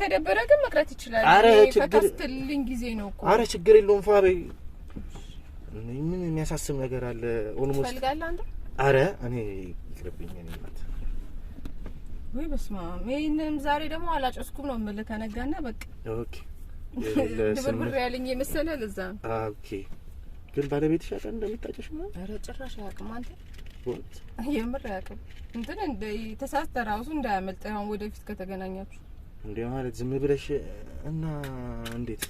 ከደበረ ግን መቅረት ይችላል። አረ ችግር ጊዜ ነው እኮ አረ ችግር የለውም። ፋ ምን የሚያሳስብ ነገር አለ? ኦልሞስት ፈልጋለህ አንተ። አረ እኔ ይቅርብኝ። ማለት ወይ በስማ ይህንም ዛሬ ደግሞ አላጨስኩም ነው የምልህ። ከነጋና በቃ ኦኬ። ድብርብር ያለኝ የመሰለህ ለዛ ነው። ኦኬ ግን ባለቤትሽ ያውቃል እንደምታጨሽ ነው? አረ ጭራሽ አያውቅም። አንተ የምር አያውቅም። እንትን ተሳስተህ ራሱ እንዳያመልጥ አሁን ወደፊት ከተገናኛችሁ እንዴ ማለት ዝም ብለሽ እና እንዴት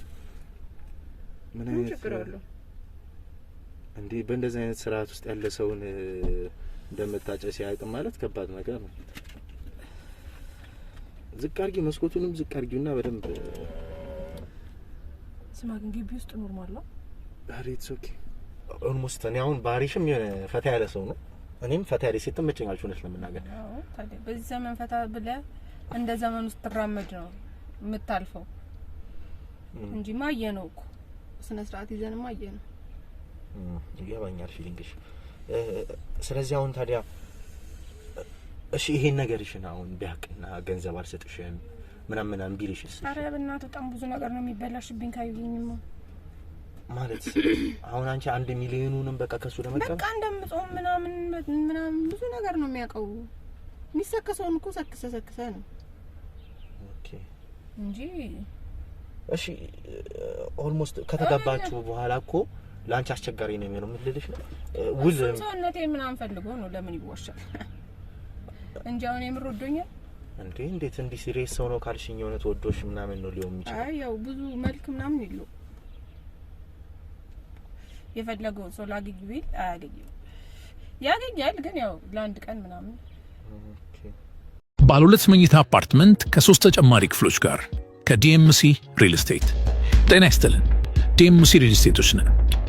ምን አይነት ችግር አለው እንዴ? በእንደዚህ አይነት ስርዓት ውስጥ ያለ ሰውን እንደምታጨስ ያቅም ማለት ከባድ ነገር ነው። ዝቅ አርጊ፣ መስኮቱንም ዝቅ አርጊውና በደንብ ስማ። ግን ግቢ ውስጥ ኖርማል ነው። ኧረ ኢትስ ኦኬ ኦልሞስት። እኔ አሁን ባህሪሽም የሆነ ፈታ ያለ ሰው ነው። እኔም ፈታ ያለ ሴት ትመቸኛለች፣ እውነት ለመናገር በዚህ ዘመን ፈታ ብለህ እንደ ዘመኑ ስትራመድ ነው የምታልፈው እንጂ ማየ ነው እኮ ስነ ስርዓት ይዘን ማየ ነው። ይገባኛል ፊሊንግሽ። ስለዚህ አሁን ታዲያ እሺ ይሄን ነገር ነገርሽን አሁን ቢያቅና ገንዘብ አልሰጥሽም ምናምን ምናምን ቢልሽስ? ኧረ በእናትህ በጣም ብዙ ነገር ነው የሚበላሽብኝ ካዩኝማ ማለት አሁን አንቺ አንድ ሚሊዮኑንም በቃ ከሱ ለመቀበል በቃ እንደምጾም ምናምን ምናምን ብዙ ነገር ነው የሚያውቀው። የሚሰከሰውን እኮ ሰክሰ ሰክሰ ነው እንጂ እሺ፣ ኦልሞስት ከተጋባችሁ በኋላ እኮ ለአንቺ አስቸጋሪ ነው የሚሆነው። ምትልልሽ ነው ውል ሰውነቴ ምናምን ፈልጎ ነው ለምን ይዋሻል እንጂ አሁን የምር ወዶኛል እንዴ? እንዴት እንዲህ ሲሪየስ ሰው ነው ካልሽኝ የሆነ ተወዶሽ ምናምን ነው ሊሆን የሚችል። አይ ያው ብዙ መልክ ምናምን የለውም። የፈለገውን ሰው ላግኝ ቢል አያገኝም። ያገኛል ግን ያው ለአንድ ቀን ምናምን ሁለት መኝታ አፓርትመንት ከሶስት ተጨማሪ ክፍሎች ጋር ከዲኤምሲ ሪል ስቴት። ጤና ይስጥልን። ዲኤምሲ ሪል ስቴቶች ነን።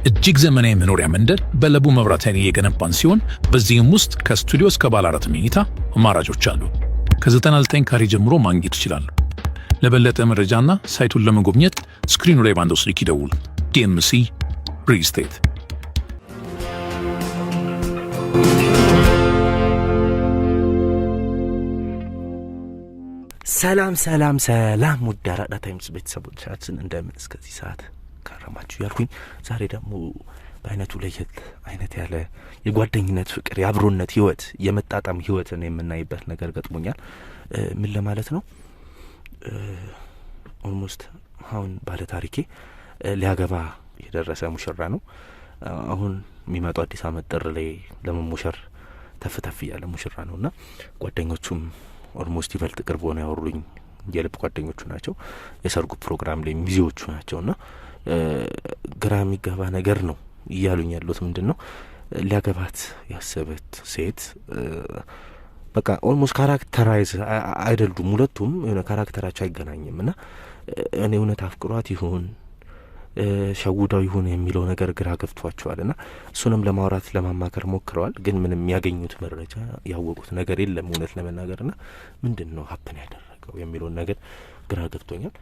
እጅግ ዘመናዊ መኖሪያ መንደር በለቡ መብራት ኃይል እየገነባን ሲሆን በዚህም ውስጥ ከስቱዲዮ እስከ ባለ አራት መኝታ አማራጮች አሉ። ከ99 ካሬ ጀምሮ ማግኘት ይችላሉ። ለበለጠ መረጃና ሳይቱን ለመጎብኘት ስክሪኑ ላይ ባንደው ስልክ ይደውሉ። ዲኤምሲ ሪል ስቴት ሰላም ሰላም ሰላም ውድ አራዳ ታይምስ ቤተሰቦቻችን እንደምን እስከዚህ ሰዓት ካረማችሁ ያልኩኝ፣ ዛሬ ደግሞ በአይነቱ ለየት አይነት ያለ የጓደኝነት ፍቅር፣ የአብሮነት ህይወት፣ የመጣጣም ህይወትን የምናይበት ነገር ገጥሞኛል። ምን ለማለት ነው? ኦልሞስት አሁን ባለ ታሪኬ ሊያገባ የደረሰ ሙሽራ ነው። አሁን የሚመጣው አዲስ አመት ጥር ላይ ለመሞሸር ተፍተፍ እያለ ሙሽራ ነው እና ጓደኞቹም ኦልሞስት ይበልጥ ቅርብ ሆነው ያወሩኝ የልብ ጓደኞቹ ናቸው። የሰርጉ ፕሮግራም ላይ ሚዜዎቹ ናቸው እና ግራ የሚገባ ነገር ነው እያሉኝ ያሉት ምንድን ነው ሊያገባት ያሰበት ሴት በቃ ኦልሞስት ካራክተራይዝ አይደሉም ሁለቱም የሆነ ካራክተራቸው አይገናኝም እና እኔ እውነት አፍቅሯት ይሁን ሸውዳው ይሁን የሚለው ነገር ግራ ገብቷቸዋል ና እሱንም ለማውራት ለማማከር ሞክረዋል። ግን ምንም ያገኙት መረጃ ያወቁት ነገር የለም እውነት ለመናገር ና ምንድን ነው ሀፕን ያደረገው የሚለውን ነገር ግራ ገብቶኛል።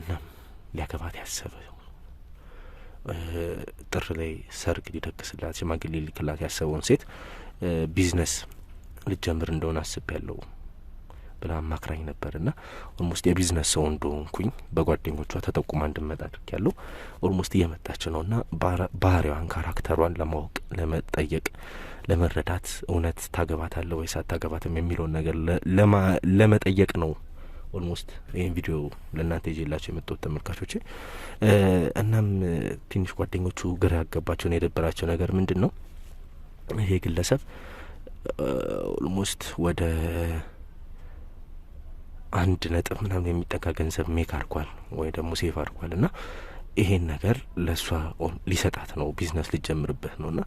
እናም ሊያገባት ያሰበ ጥር ላይ ሰርግ ሊደግስላት ሽማግሌ ሊክላት ያሰበውን ሴት ቢዝነስ ልጀምር እንደሆነ አስብ ያለው ብላ አማክራኝ ነበር ና ኦልሞስት የቢዝነስ ሰው እንደሆንኩኝ በጓደኞቿ ተጠቁማ እንድመጣ ድርግ ያለው ኦልሞስት እየመጣች ነው ና ባህሪዋን ካራክተሯን ለማወቅ ለመጠየቅ ለመረዳት እውነት ታገባት አለ ወይ ሳት ታገባትም የሚለውን ነገር ለመጠየቅ ነው። ኦልሞስት ይህን ቪዲዮ ለእናንተ ይዤላቸው የመጡት ተመልካቾች እናም ትንሽ ጓደኞቹ ግራ ያገባቸውን የደበራቸው ነገር ምንድን ነው ይሄ ግለሰብ ኦልሞስት ወደ አንድ ነጥብ ምናምን የሚጠጋ ገንዘብ ሜክ አርጓል ወይ ደግሞ ሴቭ አርጓል እና ይሄን ነገር ለእሷ ሊሰጣት ነው ቢዝነስ ሊጀምርበት ነው እና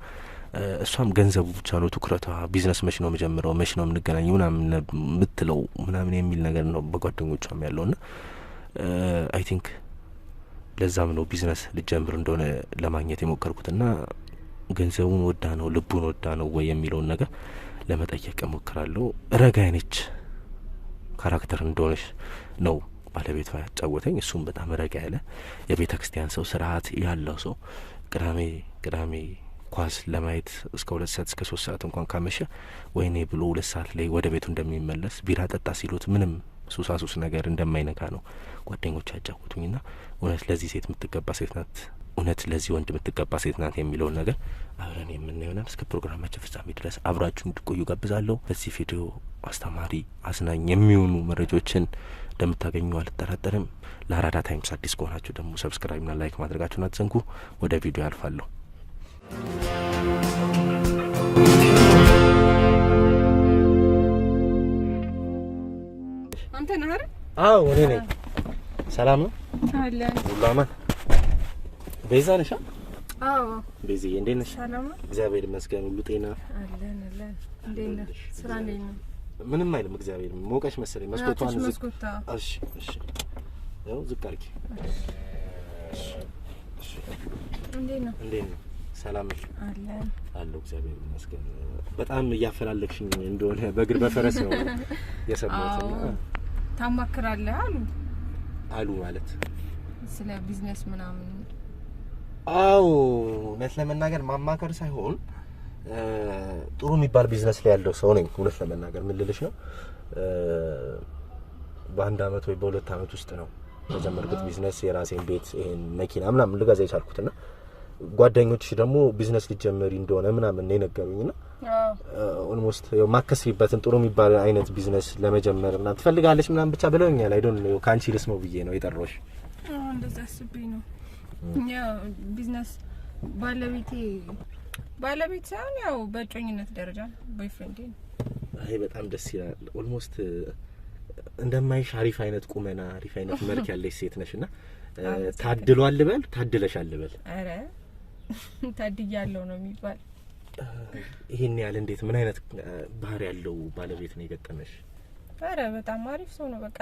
እሷም ገንዘቡ ብቻ ነው ትኩረቷ። ቢዝነስ መች ነው የምጀምረው መች ነው የምንገናኝ ምናምን የምትለው ምናምን የሚል ነገር ነው በጓደኞቿም ያለው ና አይ ቲንክ ለዛም ነው ቢዝነስ ልጀምር እንደሆነ ለማግኘት የሞከርኩት ና ገንዘቡን ወዳ ነው ልቡን ወዳ ነው ወይ የሚለውን ነገር ለመጠየቅ እሞክራለሁ። ረጋ ካራክተር እንደሆነች ነው ባለቤቷ ያጫወተኝ። እሱም በጣም ረጋ ያለ የቤተ ክርስቲያን ሰው ስርዓት ያለው ሰው ቅዳሜ ቅዳሜ ኳስ ለማየት እስከ ሁለት ሰዓት እስከ ሶስት ሰዓት እንኳን ካመሸ ወይኔ ብሎ ሁለት ሰዓት ላይ ወደ ቤቱ እንደሚመለስ ቢራ ጠጣ ሲሉት ምንም ሱሳሱስ ነገር እንደማይነካ ነው ጓደኞች ና እውነት ለዚህ ሴት የምትገባ ሴት ናት፣ እውነት ለዚህ ወንድ የምትገባ ሴት ናት የሚለውን ነገር አብረን የምናየሆናል። እስከ ፕሮግራማችን ፍጻሜ ድረስ አብራችሁ እንድቆዩ ጋብዛለሁ። በዚህ ቪዲዮ አስተማሪ፣ አዝናኝ የሚሆኑ መረጃዎችን እንደምታገኙ አልጠራጠርም። ለአራዳ ታይምስ አዲስ ከሆናችሁ ደግሞ ሰብስክራይብና ላይክ ማድረጋችሁን አትዘንጉ። ወደ ቪዲዮ ያልፋለሁ። አንተ ነህ አዎ እኔ ነኝ። ሰላም ነው? አለ ሁሉ አማን። ቤዛ ነሽ? አዎ ቤዛ፣ እንዴት ነሽ? እግዚአብሔር ይመስገን። ሁሉ ጤና? ስራ እንዴት ነው? ምንም አይልም። እግዚአብሔር ሞቀሽ መሰለኝ መስኮቷን ዝቅ እሺ፣ እሺ፣ ያው ዝቅ አድርጊ። እሺ፣ እሺ። እንዴት ነው? እንዴት ነው? ሰላም እግዚአብሔር ይመስገን። በጣም እያፈላለግሽኝ እንደሆነ በእግር በፈረስ ነው የሰማሁት። ታማክራለህ አሉ አሉ ማለት ስለ ቢዝነስ ምናምን። አዎ እውነት ለመናገር ማማከር ሳይሆን ጥሩ የሚባል ቢዝነስ ላይ ያለው ሰው ነኝ። እውነት ለመናገር ምን ልልሽ ነው በአንድ አመት ወይ በሁለት አመት ውስጥ ነው የጀመርኩት ቢዝነስ የራሴን ቤት ይሄን መኪና ምናምን ልገዛ ና ጓደኞች ደግሞ ቢዝነስ ሊጀመሪ እንደሆነ ምናምን የነገሩኝ ና ኦልሞስት ማከስሪበትን ጥሩ የሚባል አይነት ቢዝነስ ለመጀመር ና ትፈልጋለች ምናምን ብቻ ብለውኛል። አይዶን ከአንቺ ልስ ነው ብዬ ነው የጠሮሽ። እንደዛ አስቤ ነው ቢዝነስ ባለቤቴ ባለቤት ሳይሆን ያው በእጮኝነት ደረጃ ቦይፍሬንድ ነው። በጣም ደስ ይላል። ኦልሞስት እንደማይሽ አሪፍ አይነት ቁመና፣ አሪፍ አይነት መልክ ያለች ሴት ነሽ እና ታድሏል አልበል ታድለሽ አልበል። ኧረ ታድያለሁ ነው የሚባል። ይህን ያህል እንዴት? ምን አይነት ባህር ያለው ባለቤት ነው የገጠመሽ? ኧረ በጣም አሪፍ ሰው ነው። በቃ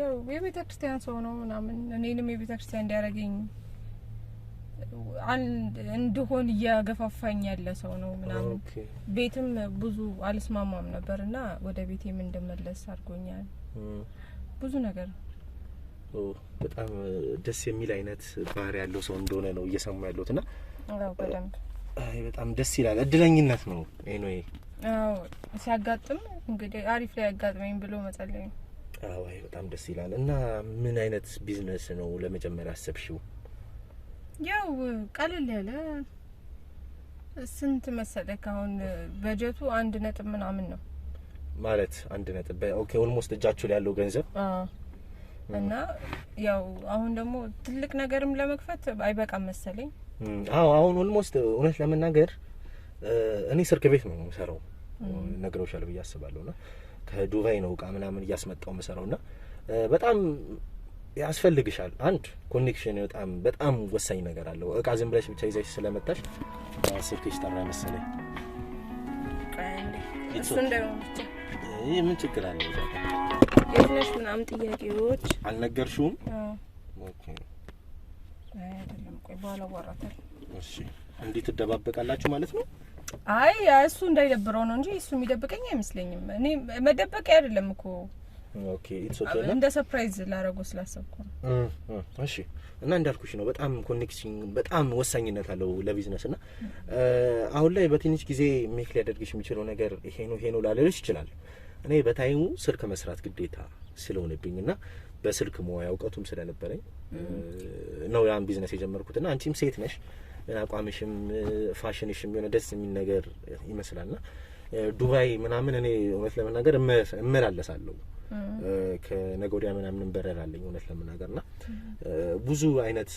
ያው የቤተ ክርስቲያን ሰው ነው ምናምን እኔንም የቤተ ክርስቲያን እንዲያደርገኝ እንድሆን እያገፋፋኝ ያለ ሰው ነው ምናምን። ቤትም ብዙ አልስማማም ነበር እና ወደ ቤቴም እንድመለስ አድርጎኛል። ብዙ ነገር በጣም ደስ የሚል አይነት ባህሪ ያለው ሰው እንደሆነ ነው እየሰሙ ያለሁት እና በጣም ደስ ይላል። እድለኝነት ነው ይሄ ሲያጋጥም እንግዲህ አሪፍ ላይ ያጋጥመኝ ብሎ መጸለይ ነው። በጣም ደስ ይላል። እና ምን አይነት ቢዝነስ ነው ለመጀመሪያ አሰብሽው? ያው ቀለል ያለ ስንት መሰለ አሁን በጀቱ አንድ ነጥብ ምናምን ነው ማለት አንድ ነጥብ ኦኬ። ኦልሞስት እጃችሁ ላይ ያለው ገንዘብ እና ያው አሁን ደግሞ ትልቅ ነገርም ለመክፈት አይበቃም መሰለኝ። አዎ አሁን ኦልሞስት እውነት ለመናገር እኔ ስርክ ቤት ነው የምሰራው ነግረውሻል ብዬ አስባለሁ። ና ከዱባይ ነው እቃ ምናምን እያስመጣው የምሰራው ና በጣም ያስፈልግሻል። አንድ ኮኔክሽን በጣም በጣም ወሳኝ ነገር አለው። እቃ ዝም ብለሽ ብቻ ይዘሽ ስለመጣሽ ስልክሽ ጠራ መሰለኝ። ምን ችግር አለ? የት ነሽ ምናምን ጥያቄዎች አልነገርሽውም? እንዴት ትደባበቃላችሁ ማለት ነው? አይ እሱ እንዳይደብረው ነው እንጂ እሱ የሚደብቀኝ አይመስለኝም። እኔ መደበቂያ አይደለም እኮ እንደ ሰርፕራይዝ ላደረጉ ስላሰብኩ ነው። እሺ እና እንዳልኩሽ ነው በጣም ኮኔክሽን በጣም ወሳኝነት አለው ለቢዝነስ እና አሁን ላይ በትንሽ ጊዜ ሜክ ሊያደርግሽ የሚችለው ነገር ይሄ ነው ይሄ ነው ላለልሽ ይችላል። እኔ በታይሙ ስልክ መስራት ግዴታ ስለሆነብኝ እና በስልክ ሙያ እውቀቱም ስለነበረኝ ነው ያን ቢዝነስ የጀመርኩት እና አንቺም ሴት ነሽ አቋምሽም ፋሽንሽም የሆነ ደስ የሚል ነገር ይመስላል ና ዱባይ ምናምን እኔ እውነት ለመናገር እመላለሳለሁ ከነገ ወዲያ ምናምን በረራ አለኝ እውነት ለመናገር ና ብዙ አይነት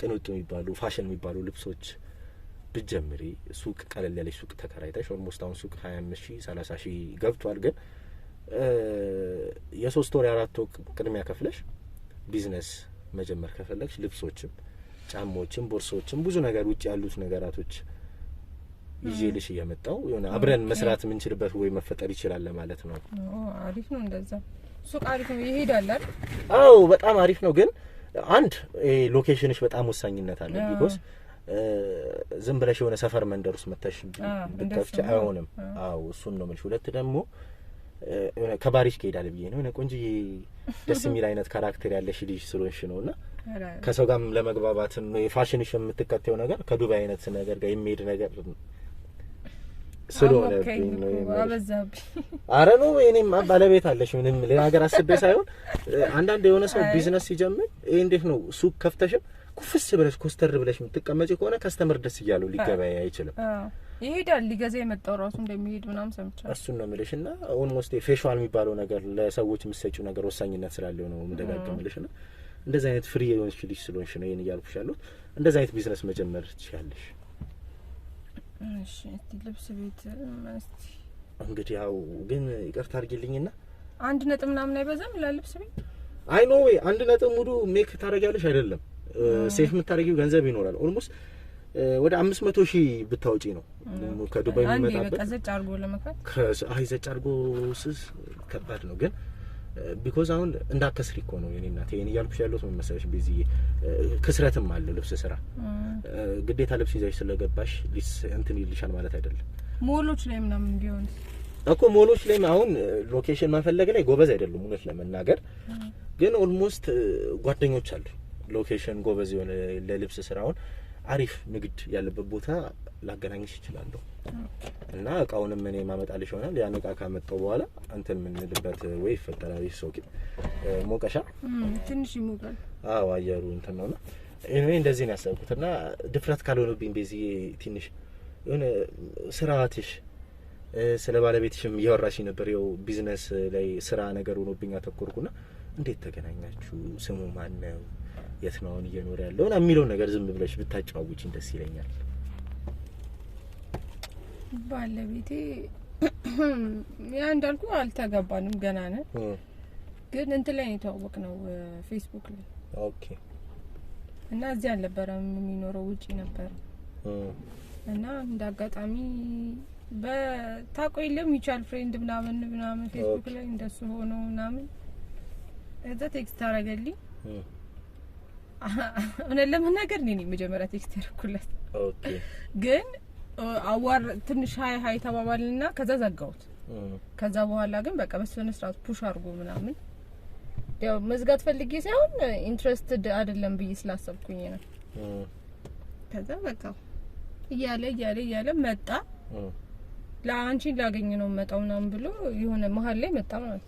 ቅንጡ የሚባሉ ፋሽን የሚባሉ ልብሶች ብጀምሪ ሱቅ ቀለል ያለች ሱቅ ተከራይተሽ ኦልሞስት አሁን ሱቅ ሀያ አምስት ሺ ሰላሳ ሺ ገብቷል። ግን የሶስት ወር የአራት ወር ቅድሚያ ከፍለሽ ቢዝነስ መጀመር ከፈለግሽ ልብሶችም፣ ጫማዎችም፣ ቦርሶችም ብዙ ነገር ውጭ ያሉት ነገራቶች ይዤልሽ እየመጣው የሆነ አብረን መስራት የምንችልበት ወይ መፈጠር ይችላል ለማለት ነው። አሪፍ ነው። እንደዛ ሱቅ አሪፍ ነው ይሄዳል። አዎ በጣም አሪፍ ነው። ግን አንድ ሎኬሽንሽ በጣም ወሳኝነት አለ። ቢኮስ ዝም ብለሽ የሆነ ሰፈር መንደር ውስጥ መተሽ ብትከፍቺ አይሆንም። አዎ እሱን ነው የምልሽ። ሁለት ደግሞ ከባሪሽ ከሄዳል ብዬ ነው የሆነ ቆንጆዬ ደስ የሚል አይነት ካራክተር ያለሽ ልጅ ስለሆንሽ ነው እና ከሰው ጋርም ለመግባባትም የፋሽንሽ የምትከተው ነገር ከዱባይ አይነት ነገር ጋር የሚሄድ ነገር ስለሆነ አረ ነው እኔም ባለቤት አለሽ ምንም ሌላ ሀገር አስቤ ሳይሆን አንዳንድ የሆነ ሰው ቢዝነስ ሲጀምር ይሄ እንዴት ነው ሱቅ ከፍተሽም ኩፍስ ብለሽ ኮስተር ብለሽ የምትቀመጪ ከሆነ ከስተመር ደስ እያለው ሊገበያ አይችልም ይሄዳል ሊገዛ የመጣው ራሱ እንደሚሄድ ምናምን ሰምቻለሁ። እሱን ነው የምልሽ። እና ኦልሞስት ፌሽዋል የሚባለው ነገር ለሰዎች የምትሰጪው ነገር ወሳኝነት ስላለው ነው የምደጋገም የምልሽ። እና እንደዚህ አይነት ፍሪ የሆንሽ ልጅ ስለሆንሽ ነው ይህን እያልኩሽ ያሉት። እንደዚህ አይነት ቢዝነስ መጀመር ትችላለሽ። ልብስ ቤት እንግዲህ ያው ግን ይቅርታ አድርጊልኝና አንድ ነጥብ ምናምን አይበዛም ለልብስ ቤት አይ ኖ ወይ አንድ ነጥብ ሙሉ ሜክ ታደርጊያለሽ አይደለም ሴፍ የምታደርጊው ገንዘብ ይኖራል ኦልሞስት ወደ አምስት መቶ ሺህ ብታወጪ ነው ከዱባይ የሚመጣበት። አይ ዘጭ አድርጎ ስስ ከባድ ነው ግን ቢኮዝ አሁን እንዳከስሪ እኮ ነው የኔ እናቴ ይሄን እያልኩሽ ያለሁት ምን መሰለሽ ቤዝዬ ክስረትም አለ ልብስ ስራ ግዴታ ልብስ ይዘሽ ስለገባሽ ሊስ እንትን ይልሻል ማለት አይደለም ሞሎች ላይ ምናምን ቢሆን እኮ ሞሎች ላይ አሁን ሎኬሽን መፈለግ ላይ ጎበዝ አይደሉም እውነት ለመናገር ግን ኦልሞስት ጓደኞች አሉ ሎኬሽን ጎበዝ የሆነ ለልብስ ስራውን አሪፍ ንግድ ያለበት ቦታ ላገናኝሽ እችላለሁ እና እቃውንም እኔ ማመጣልሽ ይሆናል። ያን እቃ ካመጣው በኋላ እንትን የምንልበት ወይ ይፈጠራል። ሶቂ ሞቀሻ ትንሽ ይሞቃል። አዎ አየሩ እንትን ነውና እኔ እንደዚህ ነው ያሰብኩት እና ድፍረት ካልሆነብኝ ቤዚ ትንሽ የሆነ ስርዓትሽ ስለ ባለቤትሽም እያወራሽ ነበር። ያው ቢዝነስ ላይ ስራ ነገር ሆኖብኝ አተኮርኩና እንዴት ተገናኛችሁ፣ ስሙ ማን ነው፣ የት ነው አሁን እየኖረ ያለውን የሚለውን ነገር ዝም ብለሽ ብታጫዋውጭኝ ደስ ይለኛል። ባለቤቴ ያ እንዳልኩ አልተገባንም፣ ገና ነን። ግን እንት ላይ የተዋወቅ ነው ፌስቡክ ላይ ኦኬ። እና እዚህ አልነበረም የሚኖረው ውጪ ነበር። እና እንደ አጋጣሚ በታቆ የለም ይቻል ፍሬንድ ምናምን ምናምን ፌስቡክ ላይ እንደሱ ሆኖ ምናምን እዛ ቴክስት አደረገልኝ። እውነት ነገር እኔ ነኝ መጀመሪያ ቴክስት ያደረኩለት ግን አዋር ትንሽ ሀይ ሀይ ተባባልና ከዛ ዘጋሁት። ከዛ በኋላ ግን በቃ በስነ ስርዓት ፑሽ አድርጎ ምናምን ያው መዝጋት ፈልጌ ሳይሆን ኢንትረስትድ አይደለም ብዬ ስላሰብኩኝ ነው። ከዛ በቃ እያለ እያለ እያለ መጣ። ለአንቺን ላገኝ ነው መጣው ምናምን ብሎ የሆነ መሀል ላይ መጣ ማለት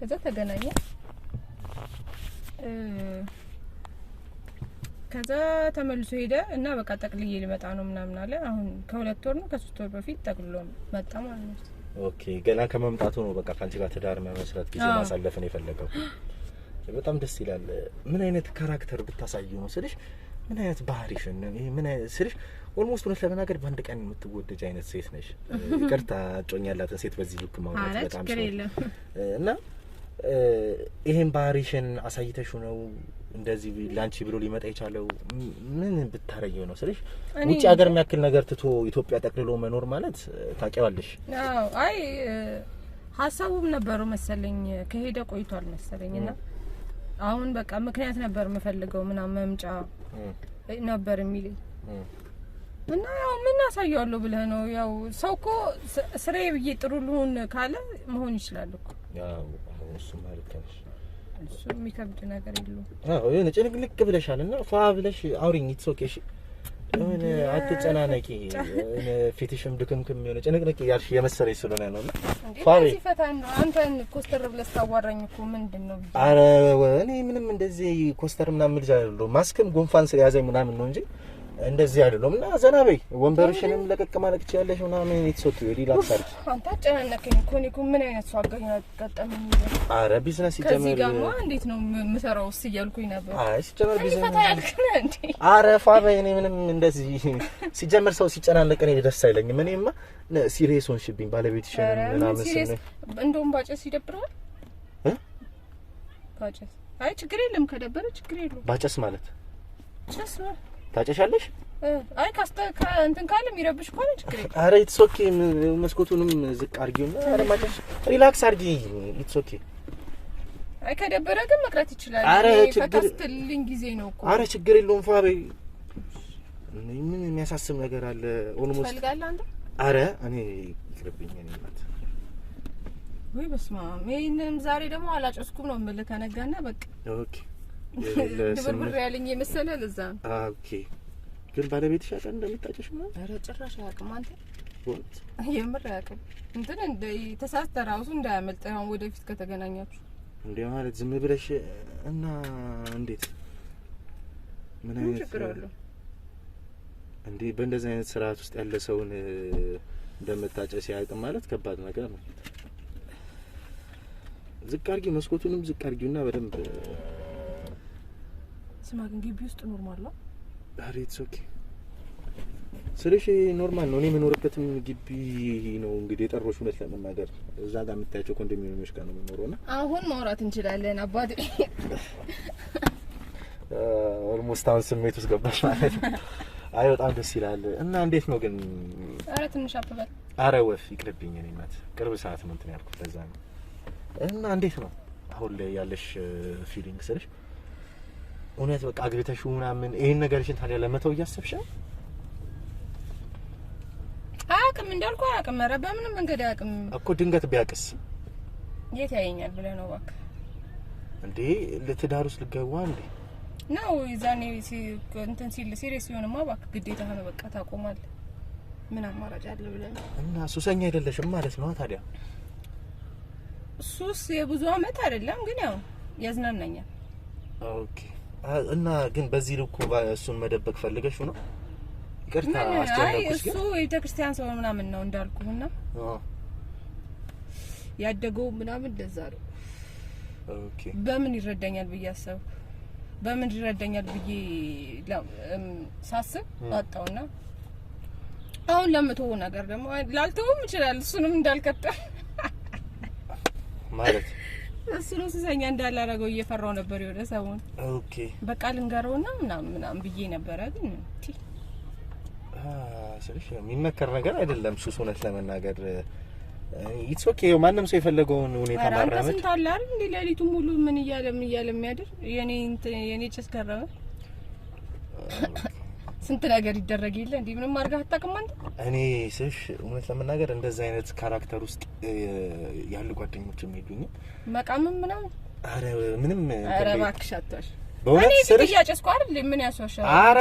ከዛ ተገናኘ ከዛ ተመልሶ ሄደ እና በቃ ጠቅልዬ ልመጣ ነው ምናምን አለ። አሁን ከሁለት ወር ነው ከሶስት ወር በፊት ጠቅልሎ መጣ ማለት ነው። ኦኬ ገና ከመምጣቱ ነው በቃ ከአንቺ ጋር ትዳር መመስረት ጊዜ ማሳለፍን የፈለገው። በጣም ደስ ይላል። ምን አይነት ካራክተር ብታሳዩ ነው ስልሽ ምን አይነት ባህሪሽ ምን አይነት ስልሽ ኦልሞስት እውነት ለመናገር በአንድ ቀን የምትወደጅ አይነት ሴት ነሽ። ይቅርታ እጮኛ ያላትን ሴት በዚህ ልክ ማውራት በጣም እና ይሄን ባህሪሽን አሳይተሹ ነው እንደዚህ ላንቺ ብሎ ሊመጣ የቻለው ምን ብታረየው ነው ስልሽ፣ ውጭ ሀገር የሚያክል ነገር ትቶ ኢትዮጵያ ጠቅልሎ መኖር ማለት ታውቂዋለሽ። አይ ሀሳቡም ነበረው መሰለኝ ከሄደ ቆይቷል መሰለኝ እና አሁን በቃ ምክንያት ነበር የምፈልገው ምናምን መምጫ ነበር የሚል እና ያው ምን አሳየዋለሁ ብለህ ነው። ያው ሰው እኮ ስራዬ ብዬ ጥሩ ልሆን ካለ መሆን ይችላል እኮ። እሱማ እሱ የሚከብድ ነገር የለውም። የሆነ ጭንቅልቅ ብለሻል እና ፏ ብለሽ አውሪኝ። ትሶኬሽ ሆነ አትጨናነቂ። ፊትሽም ድክምክም የሆነ ጭንቅንቅ እያልሽ የመሰለኝ ስለሆነ ነው። አንተን ኮስተር ብለህ ስታዋራኝ እኮ ምንድን ነው? ኧረ እኔ ምንም እንደዚህ ኮስተር ምናምን ልጅ አይደለሁም። ማስክም ጉንፋን ስለያዘኝ ምናምን ነው እንጂ እንደዚህ አይደለም እና ዘና በይ። ወንበርሽንም ለቀቅ ማለት ትችያለሽ ምናምን የተሰጡ ሪላክስ አድርጊ። አንተ አጨናነቀኝ እኮ እኔ እኮ ምን አይነት ሰው አገኘ አጋጠመኝ። አረ ቢዝነስ ሲጀምር ከዚህ ጋር እንዴት ነው የምሰራው እስኪ እያልኩኝ ነበር። አይ ሲጀምር ቢዝነስ አረ ፋ በይ። እኔ ምንም እንደዚህ ሲጀምር ሰው ሲጨናነቅ እኔ ደስ አይለኝም። እኔማ ሲሪየስ ሆንሽብኝ ባለቤትሽን ምናምን ስል እንደውም ባጨስ ይደብራል እ ባጨስ አይ ችግር የለም ከደበረ ችግር የለም ባጨስ ማለት ጭስ ነው ታጨሻለሽ? አይ ካስተ እንትን ካለ የሚረብሽ ከሆነ ችግር አረ ኢትስ ኦኬ። መስኮቱንም ዝቅ አድርጊውና አረ ማጨሽ ሪላክስ አድርጊ። ኢትስ ኦኬ። አይ ከደበረ ግን መቅረት ይችላል። አረ ችግር ስትልኝ ጊዜ ነው እኮ። አረ ችግር የለውም። ፋ በይ። ምን የሚያሳስብ ነገር አለ? ኦልሞስት ትፈልጋለህ አንተ? አረ እኔ ይቅርብኝ። እኔ ማለት ወይ በስመ አብ። ዛሬ ደግሞ አላጨስኩም ነው የምልህ። ከነጋና በቃ ኦኬ ለስምር ያለኝ የመሰለ ለዛ ኦኬ። ግን ባለቤትሽ ያውቃል እንደምታጨሽ ምናምን? ኧረ ጭራሽ አያውቅም። አንተ የምር አያውቅም። እንትን እንደ ተሳስተ ራሱ እንዳያመልጥ አሁን ወደፊት ከተገናኛችሁ እንዴ ማለት ዝም ብለሽ እና እንዴት ምን አይነት ችግር አለው እንዴ? በእንደዚህ አይነት ስርዓት ውስጥ ያለ ሰውን እንደምታጨስ ያውቅም ማለት ከባድ ነገር ነው። ዝቅ አድርጊ፣ መስኮቱንም ዝቅ አድርጊውና በደንብ ስማ ግን ግቢ ውስጥ ኖርማል ነው። ኢትስ ኦኬ ስልሽ ኖርማል ነው። እኔ የምኖርበትም ግቢ ነው። እንግዲህ የጠሮች ለመናገር እዛ ጋር የምታያቸው ኮንዶሚኒየሞች ጋር ነው የምኖረው አሁን ማውራት እንችላለን። አባቴ ኦልሞስት አሁን ስሜት ውስጥ ገባሽ ማለት ነው። አይ በጣም ደስ ይላል። እና እንዴት ነው ግን? አረ ትንሽ አበባል። አረ ወፍ ይቅርብኝ። እኔ እናት ቅርብ ሰዓት ነው እንትን ያልኩት ለዛ ነው። እና እንዴት ነው አሁን ላይ ያለሽ ፊሊንግ ስልሽ እውነት በቃ አግብተሽ ምናምን ይሄን ነገርሽን ታዲያ ለመተው እያሰብሽ አቅም እንዳልኩ አቅም ኧረ በምንም መንገድ አቅም እኮ ድንገት ቢያቅስ የት ያየኛል ብለህ ነው እባክህ። እንዴ ለትዳር ውስጥ ልገባ እንዴ ነው የዛኔ እንትን ሲል ሲሪየስ ሲሆንማ እባክህ ግዴታ ሆነ በቃ ታቆማል ምን አማራጭ አለ ብለህ ነው? እና ሱሰኛ አይደለሽም ማለት ነው ታዲያ። ሱስ የብዙ አመት አይደለም ግን ያው ያዝናናኛል። ኦኬ እና ግን በዚህ ልኩ እሱን መደበቅ ፈልገሽ ነው? ይቅርታ አስጨነቅኩሽ። እሱ የቤተ ክርስቲያን ሰው ምናምን ነው እንዳልኩህና ያደገው ምናምን እንደዛ ነው። ኦኬ በምን ይረዳኛል ብዬ አሰብኩ። በምን ይረዳኛል ብዬ ሳስብ አጣውና አሁን ለምትሆ ነገር ደግሞ ላልተውም ይችላል እሱንም እንዳልከተል ማለት እሱ ነው ስሰኛ እንዳላረገው እየፈራው ነበር የሆነ ሰውን ኦኬ በቃ ልንገረውና ምናም ምናም ብዬ ነበረ ግን ስልሽ የሚመከር ነገር አይደለም ሱስ። እውነት ለመናገር ኢትስ ኦኬ። ማንም ሰው የፈለገውን ሁኔታ ማራመድ ስንት አለ አይደል እንዴ? ሌሊቱን ሙሉ ምን እያለ ምን እያለ የሚያድር የኔ የኔ ጭስ ገረመ። ስንት ነገር ይደረግ የለ እንዴ? ምንም አድርገህ አታውቅም አንተ። እኔ ስልሽ እውነት ለመናገር እንደዚህ አይነት ካራክተር ውስጥ ያሉ ጓደኞች የሚሉኝ መቃምም ምናምን። አረ ምንም አረ እባክሽ አትዋሽ። በእውነት አይደል? ምን አረ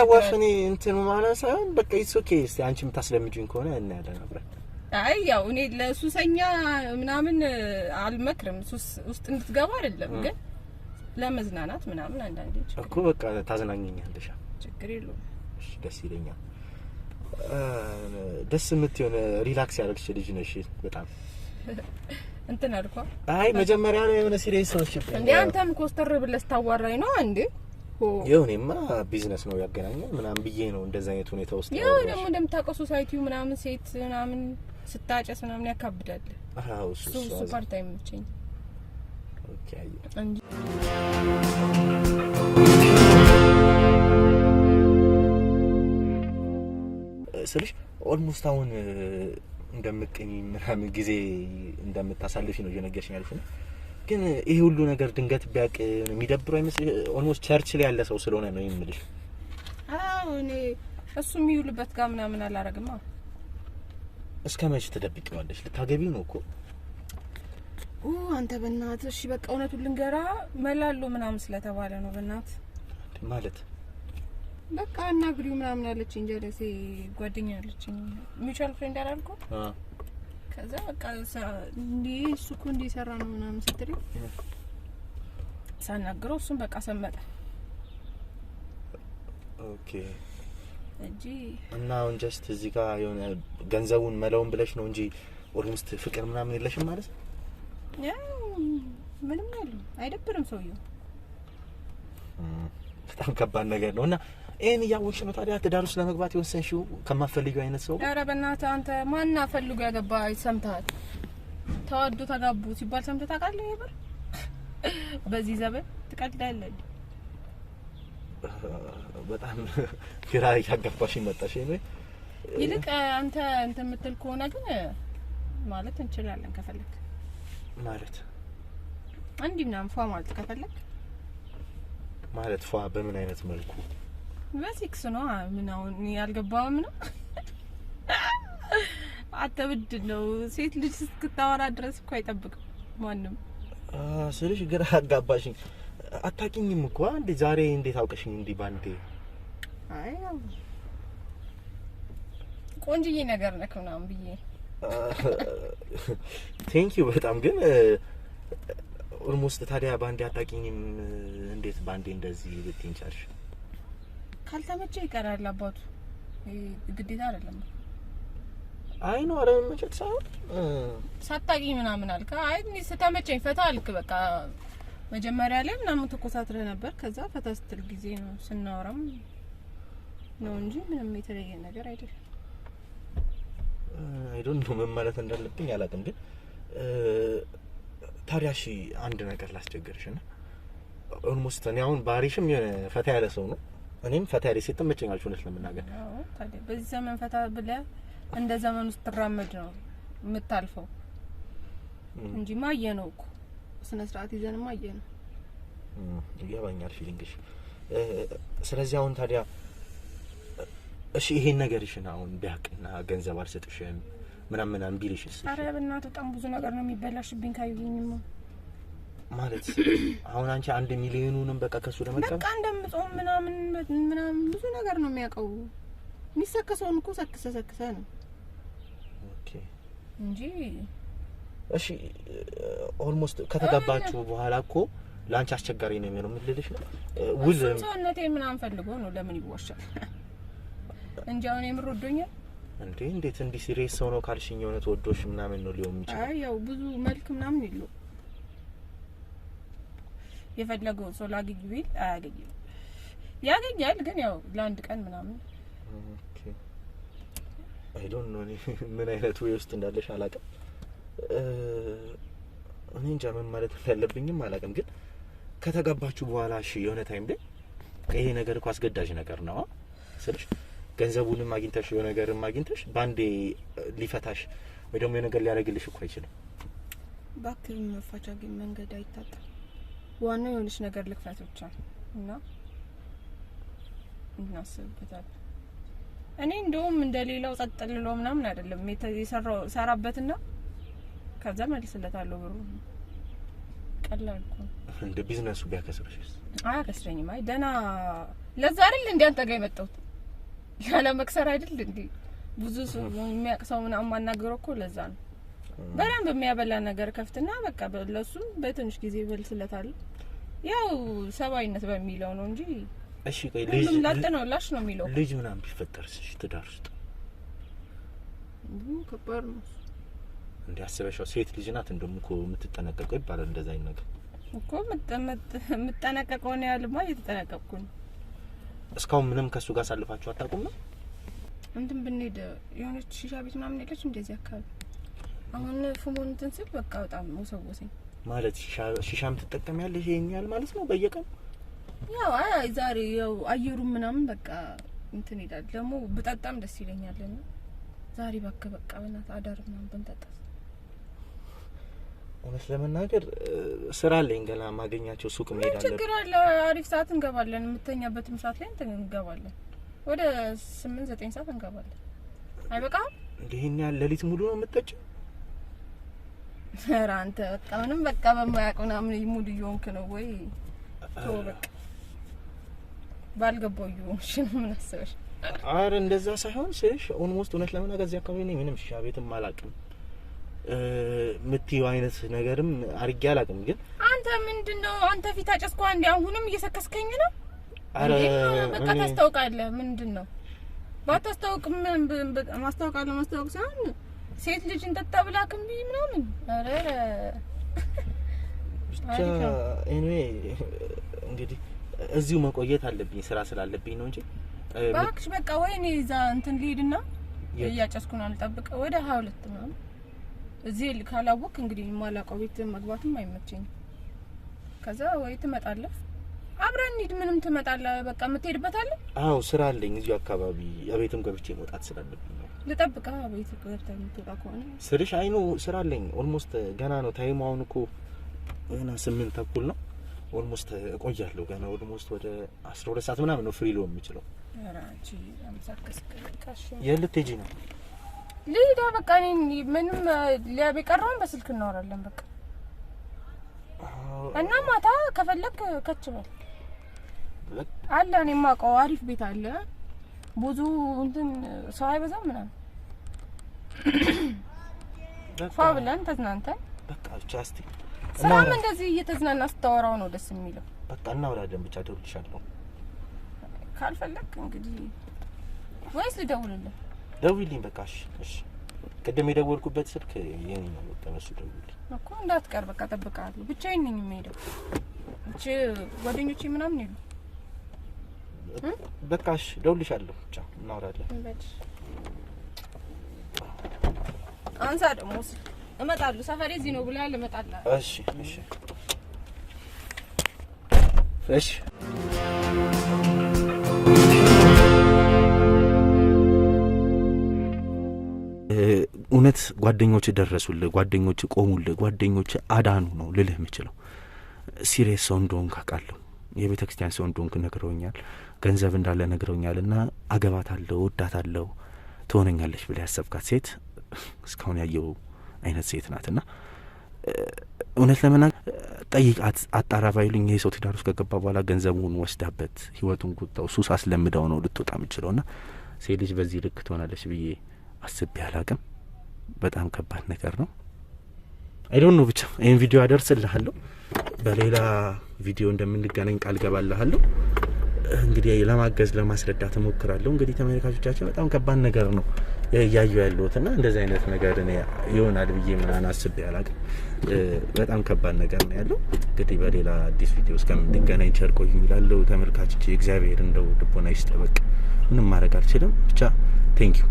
ማለት ሳይሆን በቃ ኢትስ ኦኬ። እስቲ አንቺ ከሆነ እኔ ለሱሰኛ ምናምን አልመክርም። ሱስ ውስጥ እንድትገባ አይደለም ግን ለመዝናናት ምናምን አንዳንዴ እኮ በቃ ታዝናኘኛለሽ። ችግር የለውም ነሽ፣ ደስ ይለኛል። ደስ የምትሆን ሪላክስ ያደረግች ልጅ ነሽ በጣም እንትን አልኳ። አይ መጀመሪያ ነው የሆነ ሲሪየስ ነው። እሺ እንዴ አንተም ኮስተር ብለህ ስታዋራኝ ነው እንዴ? ይኸው ቢዝነስ ነው ያገናኛል ምናምን ብዬ ነው እንደዛ አይነት ሁኔታ ውስጥ ያው ደግሞ እንደምታውቀው ሶሳይቲው ምናምን ሴት ምናምን ስታጨስ ምናምን ያካብዳል። አዎ እሱ እሱ ፓርት አይመቸኝም። ኦኬ አይ እንጂ ስልሽ ኦልሞስት አሁን እንደምቀኝ ምናምን ጊዜ እንደምታሳልፊ ነው እየነገርሽኝ ያልሽ ነው። ግን ይሄ ሁሉ ነገር ድንገት ቢያቅ የሚደብሩ አይመስል ኦልሞስት ቸርች ላይ ያለ ሰው ስለሆነ ነው የምልሽ። አዎ እኔ እሱ የሚውልበት ጋር ምናምን አላረግማ። እስከ መቼ ትደብቂዋለሽ? ልታገቢው ነው እኮ አንተ በእናትህ። እሺ በቃ እውነቱን ልንገራ መላሉ ምናምን ስለተባለ ነው በእናትህ ማለት በቃ አናግሪው ምናምን አለች። እንጃ ደሴ ጓደኛ አለች ሚቹዋል ፍሬንድ አላልኩ። ከዛ በቃ እንዲ እሱ እኮ እንዲ ሰራ ነው ምናምን ስትሪ ሳናግረው እሱም በቃ ሰመጠ። ኦኬ እንጂ እና አሁን ጀስት እዚህ ጋር የሆነ ገንዘቡን መለውን ብለሽ ነው እንጂ ኦልሞስት ፍቅር ምናምን የለሽም ማለት ነው። ያው ምንም አይደለም። አይደብርም ሰውየው በጣም ከባድ ነገር ነው እና ይህን እያወቅሽ ነው ታዲያ ትዳር ውስጥ ለመግባት የወሰንሽው ከማፈልጊ አይነት ሰው? ኧረ በእናትህ አንተ ማና ፈልጎ ያገባ ሰምተሃል? ተዋዶ ተጋቡ ሲባል ሰምተህ ታውቃለህ? ይበር በዚህ ዘመን ትቀልዳለህ። በጣም ግራ እያጋባሽ መጣሽ። ይሄ ይልቅ አንተ እንትን የምትል ከሆነ ግን ማለት እንችላለን። ከፈለግ ማለት እንዲህ ምናምን ፏ ማለት ከፈለግ ማለት ፏ በምን አይነት መልኩ በሴክስ ነው? ምን አሁን ነው። አተብድ ነው ሴት ልጅ እስክታወራ ድረስ እኮ አይጠብቅም ማንም ስልሽ፣ ግራ አጋባሽኝ። አታውቂኝም እኮ እንዴ? ዛሬ እንዴት አውቀሽኝ? እንዲህ ባንዴ ቆንጅዬ ነገር ነክ ምናምን ብዬ ቴንኪዩ በጣም ግን ኦልሞስት ታዲያ ባንዴ አታውቂኝም? እንዴት ባንዴ እንደዚህ ልትይኝ ቻልሽ? ካልተመቸ ይቀራል አባቱ ግዴታ አይደለም። አይ ነው አረ አለመመቸት ሳይሆን ሳታውቂኝ ምናምን አልክ። አይ እኔ ስተመቸኝ ፈታ አልክ። በቃ መጀመሪያ ላይ ምናምን ተኮሳትረህ ነበር። ከዛ ፈታ ስትል ጊዜ ነው ስናወራም ነው እንጂ ምንም የተለየ ነገር አይደለም። አይ ዶንት ኖ ምን ማለት እንዳለብኝ አላውቅም ግን ታዲያ ሺ አንድ ነገር ላስቸግርሽ ና ኦልሞስት እኔ አሁን ባህሪሽም የሆነ ፈታ ያለ ሰው ነው። እኔም ፈታ ያለ ሴት ትመቸኛለች እውነት ለመናገር። በዚህ ዘመን ፈታ ብለ እንደ ዘመኑ ስትራመድ ነው የምታልፈው እንጂ ማየ ነው እኮ ስነ ስርዓት ይዘን ማየ ነው። ይገባኛል ፊሊንግሽ። ስለዚህ አሁን ታዲያ እሺ ይሄን ነገር ይሽን አሁን ቢያቅና ገንዘብ አልሰጥሽም ምናምን ምናምን ቢልሽስ? ኧረ በእናትህ በጣም ብዙ ነገር ነው የሚበላሽብኝ ካየኝማ ማለት አሁን አንቺ አንድ ሚሊዮኑንም በቃ ከሱ ለመጣ በቃ እንደምጾም ምናምን ምናምን ብዙ ነገር ነው የሚያውቀው። የሚሰከሰውን እኮ ሰክሰ ሰክሰ ነው ኦኬ እንጂ። እሺ ኦልሞስት ከተጋባችሁ በኋላ እኮ ለአንቺ አስቸጋሪ ነው የሚሆነው። ምልልሽ ነው ውል ሰውነቴ ምናምን ፈልጎ ነው ለምን ይዋሻል እንጂ አሁን የምር ወዶኛል እንዴ እንዴት እንዲህ ሲሪየስ ሰው ነው ካልሽኝ የሆነ ተወዶሽ ምናምን ነው ሊሆን የሚችለው። አይ ያው ብዙ መልክ ምናምን የለው የፈለገው ሰው ላግኝ ቢል አያገኝም። ያገኛል ግን ያው ለአንድ ቀን ምናምን። ኦኬ አይ ዶንት ኖ ምን አይነት ወይ ውስጥ እንዳለሽ አላውቅም። እኔ እንጃ ምን ማለት እንዳለብኝም አላውቅም። ግን ከተጋባችሁ በኋላ እሺ የሆነ ታይም ላይ ይሄ ነገር እኮ አስገዳጅ ነገር ነው ስልሽ ገንዘቡንም አግኝተሽ የሆነ ነገርም አግኝተሽ በአንዴ ሊፈታሽ ወይ ደግሞ የነገር ሊያደርግልሽ እኮ አይችልም። እባክህ መፋቻ ግን መንገድ አይታጣም። ዋናው የሆነች ነገር ልክፈት ብቻ እና እናስብበታል። እኔ እንደውም እንደሌላው ጸጥ ልሎ ምናምን አይደለም የሰራው ሰራበትና ከዛ መልስለታለሁ ብሩ ቀላል እኮ እንደ ቢዝነሱ ቢያከስረሽ አያከስረኝም። አይ ደህና ለዛ አይደል እንዲያንተ ጋር የመጣሁት ያለ መክሰር አይደል እንዲ ብዙ ሰው የሚያውቅ ሰው ምናምን ማናገረው እኮ ለዛ ነው። በደንብ በሚያበላ ነገር ከፍትና በቃ ለሱም በትንሽ ጊዜ ይበልስለታል። ያው ሰብአዊነት በሚለው ነው እንጂ እሺ፣ ቆይ ልጅ ላጥ ነው ላሽ ነው የሚለው ልጅ ምናምን ቢፈጠርስ? እሺ፣ ትዳር ውስጥ ከባድ ነው እንዴ? አስበሽው ሴት ልጅ ናት እንደውም እኮ የምትጠነቀቀው ይባላል እንደዛ አይነት ነገር እኮ የምጠነቀቀው ነው ያልማ እየተጠነቀቅኩ ነው እስካሁን ምንም ከእሱ ጋር አሳልፋችሁ አታውቁም ነው? እንትን ብንሄድ የሆነች ሺሻ ቤት ምናምን ሄደች እንደዚህ አካባቢ። አሁን ፉሞን እንትን ስል በቃ በጣም ወሰወሰኝ። ማለት ሺሻም ትጠቀሚያለሽ ይሄን ያህል ማለት ነው በየቀኑ? ያው አይ ዛሬ ያው አየሩ ምናምን በቃ እንትን ሄዳል። ደግሞ ብጠጣም ደስ ይለኛል። ዛሬ ባከ በቃ በእናትህ አዳር ምናምን ብንጠጣ እውነት ለመናገር ስራ አለኝ ገና ማገኛቸው ሱቅ መሄድ አለ። ችግር አለ። አሪፍ ሰዓት እንገባለን። የምተኛበትም ሰዓት ላይ እንገባለን። ወደ ስምንት ዘጠኝ ሰዓት እንገባለን። አይበቃም? እንዲህን ያህል ሌሊት ሙሉ ነው የምትጠጪው? ኧረ አንተ በቃ ምንም በቃ በማያውቅ ምናምን ሙድ እየሆንክ ነው ወይ? በቃ ባልገባው እየሆንሽ ነው። ምን አስበሽ? ኧረ እንደዛ ሳይሆን ስልሽ ኦልሞስት እውነት ለመናገር እዚህ አካባቢ ምንም ሻ ቤትም አላውቅም የምትይው አይነት ነገርም አድርጌ አላውቅም። ግን አንተ ምንድን ነው አንተ ፊት አጨስኳ እንዲ አሁንም እየሰከስከኝ ነው። አረ በቃ ታስታውቃለህ። ምንድን ነው ባታስታውቅ ማስታወቃለሁ ማስታወቅ ሳይሆን ሴት ልጅ እንጠጣ ብላክም ቢ ምናምን አረ ብቻ ኤኒዌይ እንግዲህ እዚሁ መቆየት አለብኝ ስራ ስላለብኝ ነው እንጂ እባክሽ በቃ ወይ እኔ እዛ እንትን ልሂድና እያጨስኩ ነው አልጠብቀ ወደ ሀያ ሁለት ምናምን እዚህ ካላወቅ እንግዲህ የማላውቀው ቤት መግባትም አይመቸኝም። ከዛ ወይ ትመጣለህ፣ አብረን እንሂድ፣ ምንም ትመጣለህ፣ በቃ የምትሄድበት አለ። አዎ ስራ አለኝ እዚሁ አካባቢ፣ ቤትም ገብቼ መውጣት ስላለብኝ ነው። ልጠብቅህ ቤት ገብተህ የምትወጣ ከሆነ ስልሽ፣ አይ ስራ አለኝ። ኦልሞስት ገና ነው ታይሙ። አሁን እኮ ገና ስምንት ተኩል ነው። ኦልሞስት እቆያለሁ ገና ኦልሞስት ወደ አስራ ሁለት ሰዓት ምናምን ነው ፍሪ ሊሆን የሚችለው። የት ልትሄጂ ነው? ልሂዳ በቃ እኔ ምንም ሊያብ የቀረውን በስልክ እናወራለን። በቃ እና ማታ ከፈለግ ከች በል አለ። እኔ የማውቀው አሪፍ ቤት አለ። ብዙ እንትን ሰው አይበዛም ምናምን ፋ ብለን ተዝናንተን በቃ ብቻ እስቲ ስራም እንደዚህ እየተዝናና ስታወራው ነው ደስ የሚለው። በቃ እናወራለን ብቻ ደውልልሻለሁ። ካልፈለግ እንግዲህ ወይስ ልደውልልህ? ደውልኝ በቃ። እሺ፣ እሺ። ቅድም የደወልኩበት ስልክ የኔ ነው። በቃ በሱ ደውልኝ እኮ እንዳትቀር። በቃ እጠብቅሃለሁ። ብቻዬን ነኝ የምሄደው። እቺ ጓደኞቼ ምናምን የሉ። በቃ እሺ፣ ደውልልሻለሁ። ብቻ እናወራለን። አንሳ ደግሞ እመጣለሁ። ሰፈሬ እዚህ ነው ብለሃል። እመጣለሁ። እሺ፣ እሺ፣ እሺ በእውነት ጓደኞች ደረሱልህ፣ ጓደኞች ቆሙልህ፣ ጓደኞች አዳኑ ነው ልልህ የምችለው። ሲሪየስ ሰው እንደሆንክ አውቃለሁ። የቤተ ክርስቲያን ሰው እንደሆንክ ነግረውኛል። ገንዘብ እንዳለ ነግረውኛል። እና አገባታለሁ፣ ወዳታለሁ፣ ትሆነኛለች ብለህ ያሰብካት ሴት እስካሁን ያየው አይነት ሴት ናትና እውነት ለመናገር ጠይቃት፣ አጣራ ባይሉኝ ይሄ ሰው ትዳር ውስጥ ከገባ በኋላ ገንዘቡን ወስዳበት ህይወቱን ቁጣው ሱስ አስለምደው ነው ልትወጣ የምችለው ና ሴት ልጅ በዚህ ልክ ትሆናለች ብዬ አስቤ አላቅም። በጣም ከባድ ነገር ነው። አይዶን ነው ብቻ ይህን ቪዲዮ አደርስልሃለሁ። በሌላ ቪዲዮ እንደምንገናኝ ቃል ገባልሃለሁ። እንግዲህ ለማገዝ ለማስረዳት እሞክራለሁ። እንግዲህ ተመልካቾቻችን በጣም ከባድ ነገር ነው እያዩ ያለሁት እና እንደዚህ አይነት ነገር እኔ ይሆናል ብዬ ምናምን አስቤ አላቅም። በጣም ከባድ ነገር ነው ያለው። እንግዲህ በሌላ አዲስ ቪዲዮ እስከምንገናኝ ቸር ቆዩ እላለሁ። ተመልካቾች እግዚአብሔር እንደው ልቦና ይስጠበቅ። ምንም ማድረግ አልችልም። ብቻ ቴንኪዩ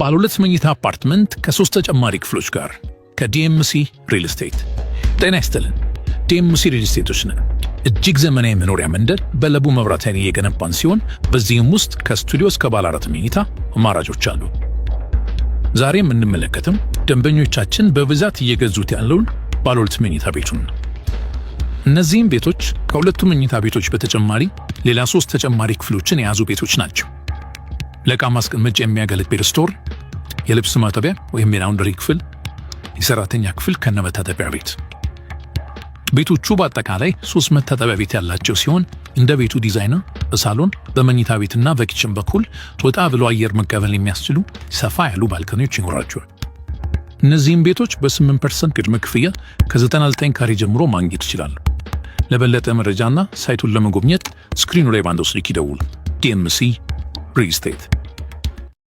ባለሁለት መኝታ አፓርትመንት ከሶስት ተጨማሪ ክፍሎች ጋር ከዲኤምሲ ሪል ስቴት። ጤና ይስጥልን። ዲኤምሲ ሪል ስቴቶች ነን። እጅግ ዘመናዊ መኖሪያ መንደር በለቡ መብራት ኃይል እየገነባን ሲሆን በዚህም ውስጥ ከስቱዲዮ እስከ ባለ አራት መኝታ አማራጮች አሉ። ዛሬ የምንመለከትም ደንበኞቻችን በብዛት እየገዙት ያለውን ባለሁለት መኝታ ቤቱን ነው። እነዚህም ቤቶች ከሁለቱ መኝታ ቤቶች በተጨማሪ ሌላ ሶስት ተጨማሪ ክፍሎችን የያዙ ቤቶች ናቸው። ለእቃ ማስቀመጫ የሚያገለግል ስቶር፣ የልብስ ማጠቢያ ወይም የላውንደሪ ክፍል፣ የሰራተኛ ክፍል ከነ መታጠቢያ ቤት። ቤቶቹ በአጠቃላይ ሶስት መታጠቢያ ቤት ያላቸው ሲሆን እንደ ቤቱ ዲዛይን በሳሎን በመኝታ ቤትና በኪችን በኩል ወጣ ብሎ አየር መቀበል የሚያስችሉ ሰፋ ያሉ ባልከኒዎች ይኖራቸዋል። እነዚህም ቤቶች በ8 ፐርሰንት ቅድመ ክፍያ ከ99 ካሬ ጀምሮ ማግኘት ይችላሉ። ለበለጠ መረጃና ሳይቱን ለመጎብኘት ስክሪኑ ላይ ባንደው ስልክ ይደውሉ። ዲኤምሲ ሪል ስቴት